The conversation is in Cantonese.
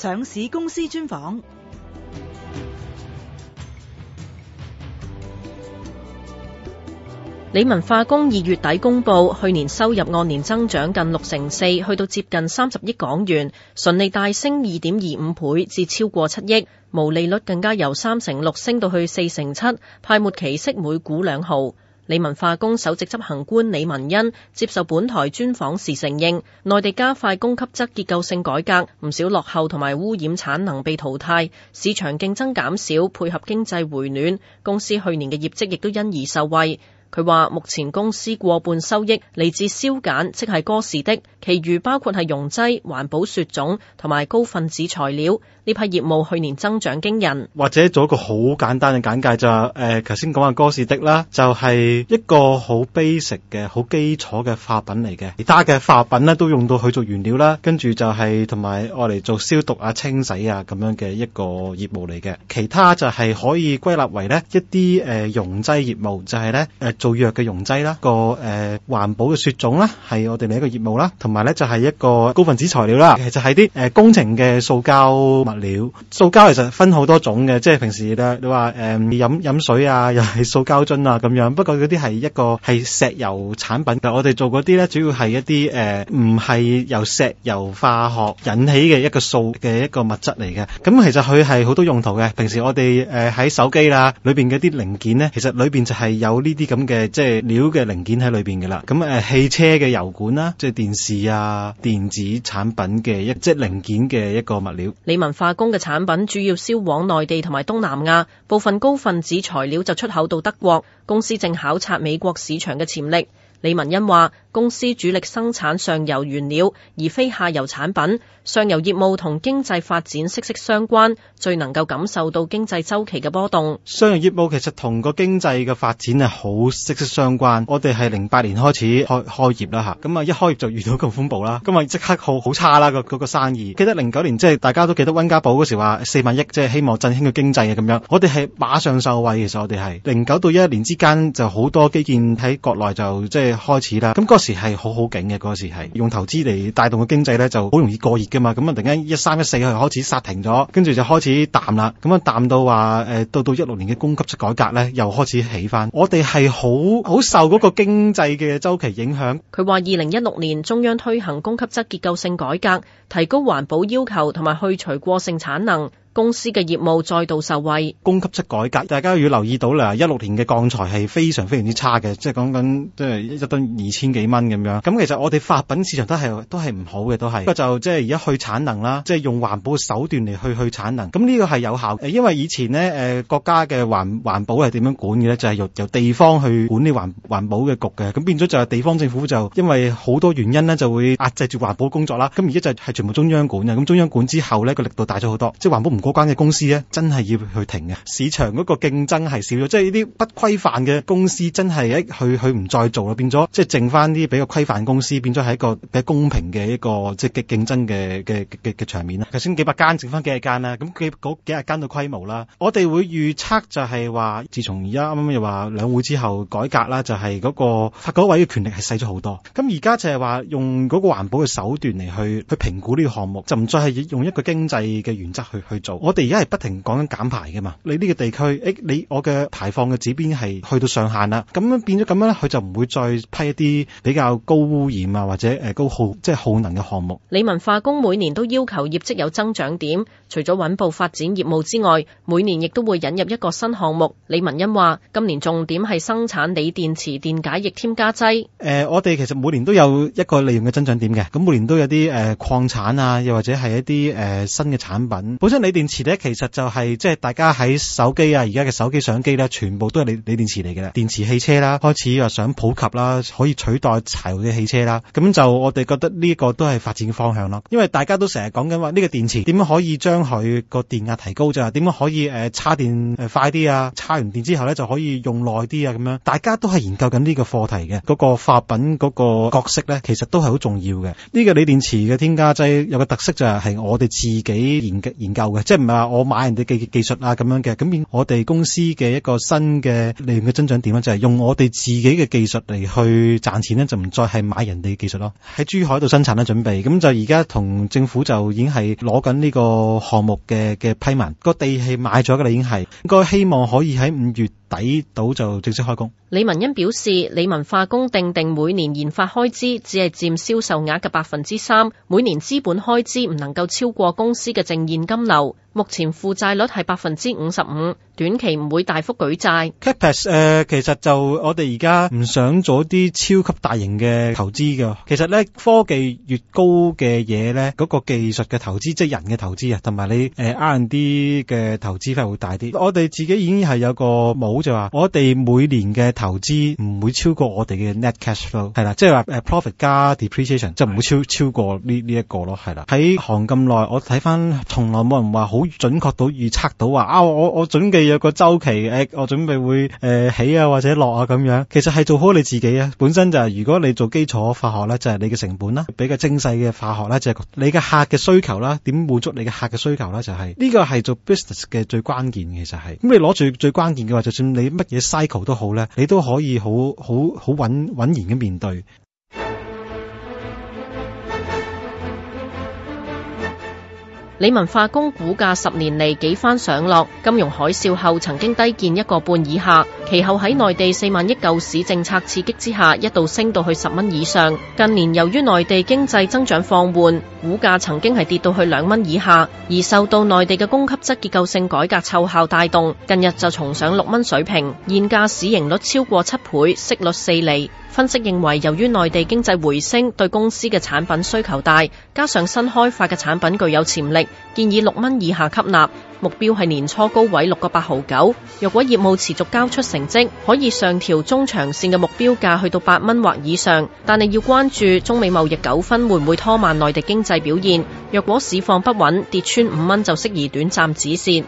上市公司專訪。理文化工二月底公布去年收入按年增長近六成四，去到接近三十億港元，純利大升二點二五倍至超過七億，毛利率更加由三成六升到去四成七，派末期息每股兩毫。理文化工首席執行官李文恩接受本台專訪時承認，內地加快供給側結構性改革，唔少落後同埋污染產能被淘汰，市場競爭減少，配合經濟回暖，公司去年嘅業績亦都因而受惠。佢話目前公司過半收益嚟自燒鹼，即係哥士的，其餘包括係溶劑、環保雪種同埋高分子材料，呢批業務去年增長驚人。或者做一個好簡單嘅簡介，就是呃，就係誒，頭先講下哥士的啦，就係一個好 basic 嘅好基礎嘅化品嚟嘅，其他嘅化品呢，都用到佢做原料啦，跟住就係同埋我嚟做消毒啊、清洗啊咁樣嘅一個業務嚟嘅，其他就係可以歸納為呢一啲誒、呃、溶劑業務，就係、是、呢。誒、呃。做藥嘅溶劑啦，個誒環保嘅雪種啦，係我哋另一個業務啦，同埋咧就係一個高分子材料啦。其實係啲誒工程嘅塑膠物料，塑膠其實分好多種嘅，即係平時咧你話誒飲飲水啊，又係塑膠樽啊咁樣。不過嗰啲係一個係石油產品，我哋做嗰啲咧主要係一啲誒唔係由石油化學引起嘅一個塑嘅一個物質嚟嘅。咁其實佢係好多用途嘅。平時我哋誒喺手機啦裏邊嗰啲零件咧，其實裏邊就係有呢啲咁。嘅即係料嘅零件喺裏邊噶啦，咁誒汽車嘅油管啦，即係電視啊電子產品嘅一即係零件嘅一個物料。理文化工嘅產品主要銷往內地同埋東南亞，部分高分子材料就出口到德國。公司正考察美國市場嘅潛力。李文恩話。公司主力生產上游原料，而非下游產品。上游業務同經濟發展息息相關，最能夠感受到經濟周期嘅波動。上游業務其實同個經濟嘅發展係好息息相關。我哋係零八年開始開開業啦嚇，咁啊一開業就遇到個風暴啦，咁啊即刻好好差啦個嗰生意。記得零九年即係大家都記得温家寶嗰時話四萬億，即係希望振興個經濟嘅咁樣。我哋係馬上受惠，其實我哋係零九到一一年之間就好多基建喺國內就即係開始啦。咁嗰時係好好景嘅嗰時係用投資嚟帶動個經濟呢，就好容易過熱噶嘛，咁啊突然間一三一四佢開始剎停咗，跟住就開始淡啦，咁啊，淡到話誒到到一六年嘅供給側改革呢，又開始起翻，我哋係好好受嗰個經濟嘅周期影響。佢話二零一六年中央推行供給側結構性改革，提高環保要求同埋去除過剩產能。公司嘅業務再度受惠，供給側改革，大家要留意到啦。一六年嘅鋼材係非常非常之差嘅，即係講緊即係一噸二千幾蚊咁樣。咁其實我哋化品市場都係都係唔好嘅，都係，個就即係而家去產能啦，即係用環保手段嚟去去產能。咁呢個係有效嘅，因為以前呢誒國家嘅環環保係點樣管嘅咧，就係由由地方去管理環環保嘅局嘅。咁變咗就係地方政府就因為好多原因呢就會壓制住環保工作啦。咁而家就係全部中央管嘅，咁中央管之後呢個力度大咗好多，即係環保唔嗰關嘅公司咧，真係要去停嘅。市場嗰個競爭係少咗，即係呢啲不規範嘅公司真係一去去唔再做啦，變咗即係剩翻啲比較規範公司，變咗係一個比較公平嘅一個即係競競爭嘅嘅嘅嘅場面啦。頭先幾百間剩翻幾廿間啦，咁幾嗰幾廿間嘅規模啦。我哋會預測就係話，自從而家啱啱又話兩會之後改革啦，就係、是、嗰個發改委嘅權力係細咗好多。咁而家就係話用嗰個環保嘅手段嚟去去評估呢個項目，就唔再係用一個經濟嘅原則去去做。我哋而家係不停講緊減排嘅嘛，你、這、呢個地區，誒，你我嘅排放嘅指標係去到上限啦，咁樣變咗咁樣咧，佢就唔會再批一啲比較高污染啊或者誒高耗即係耗能嘅項目。理文化工每年都要求業績有增長點，除咗穩步發展業務之外，每年亦都會引入一個新項目。李文恩話：今年重點係生產鋰電池電解,解液添加劑。誒、呃，我哋其實每年都有一個利用嘅增長點嘅，咁每年都有啲誒、呃、礦產啊，又或者係一啲誒、呃、新嘅產品。本身你電池咧，其實就係即係大家喺手機啊，而家嘅手機相機咧，全部都係鋰鋰電池嚟嘅啦。電池汽車啦，開始又想普及啦，可以取代柴油嘅汽車啦。咁就我哋覺得呢個都係發展嘅方向咯。因為大家都成日講緊話呢個電池點樣可以將佢個電壓提高咗，點樣可以誒，叉電誒快啲啊，叉完電之後咧就可以用耐啲啊，咁樣大家都係研究緊呢個課題嘅。嗰、那個化品嗰、那個角色咧，其實都係好重要嘅。呢、這個鋰電池嘅添加劑有個特色就係，係我哋自己研研究嘅。即係唔係話我買人哋嘅技術啊，咁樣嘅，咁我哋公司嘅一個新嘅利潤嘅增長點咧，就係、是、用我哋自己嘅技術嚟去賺錢咧，就唔再係買人哋嘅技術咯。喺珠海度生產啦，準備咁就而家同政府就已經係攞緊呢個項目嘅嘅批文，個地係買咗嘅啦，已經係應該希望可以喺五月。抵到就正式開工。李文恩表示，理文化工定定每年研發開支只係佔銷售額嘅百分之三，每年資本開支唔能夠超過公司嘅淨現金流。目前負債率係百分之五十五，短期唔會大幅舉債。Capex，誒，其實就我哋而家唔想做啲超級大型嘅投資㗎。其實咧，科技越高嘅嘢咧，嗰、那個技術嘅投資即係人嘅投資啊，同埋你誒、呃、R&D 嘅投資費會，會大啲。我哋自己已經係有個帽，就話，我哋每年嘅投資唔會超過我哋嘅 net cash flow 係啦，即係話誒 profit 加 depreciation 的就唔會超超過呢呢一個咯，係啦。喺行咁耐，我睇翻，從來冇人話好。準確到預測到話啊，我我準備有個周期，誒、啊，我準備會誒、呃、起啊或者落啊咁樣，其實係做好你自己啊。本身就係、是、如果你做基礎化學咧，就係、是、你嘅成本啦，比較精細嘅化學咧，就係、是、你嘅客嘅需求啦，點滿足你嘅客嘅需求咧，就係、是、呢個係做 business 嘅最關鍵。其實係，咁你攞住最關鍵嘅話，就算你乜嘢 cycle 都好咧，你都可以好好好穩穩然咁面對。李文化工股價十年嚟幾番上落，金融海嘯後曾經低見一個半以下，其後喺內地四萬億救市政策刺激之下，一度升到去十蚊以上。近年由於內地經濟增長放緩，股價曾經係跌到去兩蚊以下，而受到內地嘅供給側結構性改革奏效帶動，近日就重上六蚊水平。現價市盈率超過七倍，息率四厘。分析認為，由於內地經濟回升，對公司嘅產品需求大，加上新開發嘅產品具有潛力。建議六蚊以下吸納，目標係年初高位六個八毫九。若果業務持續交出成績，可以上調中長線嘅目標價去到八蚊或以上。但你要關注中美貿易糾紛會唔會拖慢內地經濟表現。若果市況不穩，跌穿五蚊就適宜短暫止線。